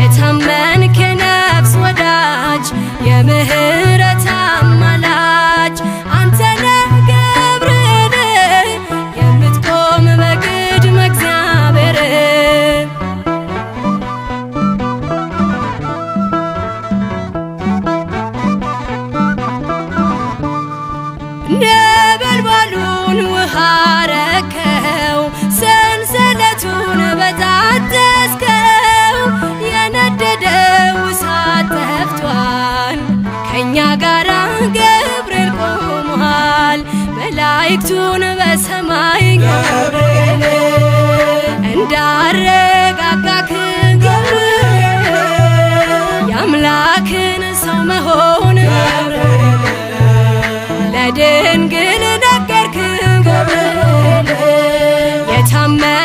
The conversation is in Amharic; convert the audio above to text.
የታመንክ የነፍስ ወዳጅ የምህረት አማላጅ አንተነ ገብርኤል የምትቆም በግድመ እግዚአብሔር ነበልባሉን ከእኛ ጋራ ገብርኤል ቆሟል መላእክቱን በሰማይ ገብርኤል እንዳረጋጋክ የአምላክን ሰው መሆን ለድንግል ነገርክ ገብርኤል የታመ